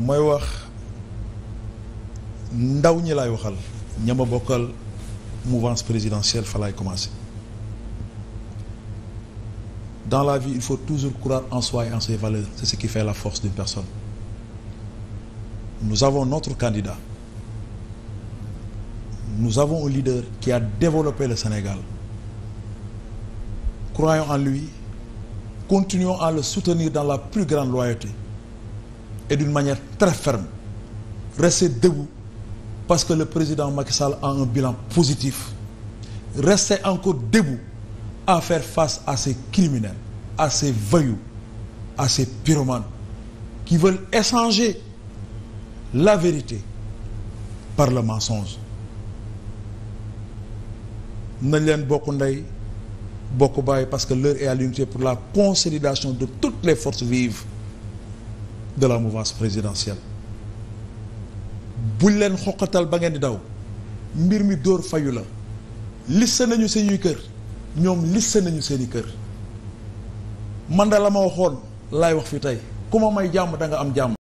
mooy wax ndaw ñi laay waxal ñama bokkal mouvance présidentielle fa laay commencer dans la vie il faut toujours croire en soi et en ses valeurs c'est ce qui fait la force d'une personne nous avons notre candidat nous avons un leader qui a développé le Sénégal croyons en lui continuons à le soutenir dans la plus grande loyauté et d'une manière très ferme rester debout parce que le président Macky Sall a un bilan positif rester encore debout à faire face à ces criminels à ces voyous à ces pyromanes qui veulent échanger la vérité par le mensonge nañ leen bokk ndey bokku bàyyi parce que l'heure est à l'unité pour la consolidation de toutes les forces vives de la mouvance présidentielle buñ leen xoqatal ba ngeen di daw mbir mi dóor fayu la liste nañu seeni kër ñoom liste nañu seeni kër man da la ma waxoon laay wax fi tey ku ma may jàmm danga am jàmm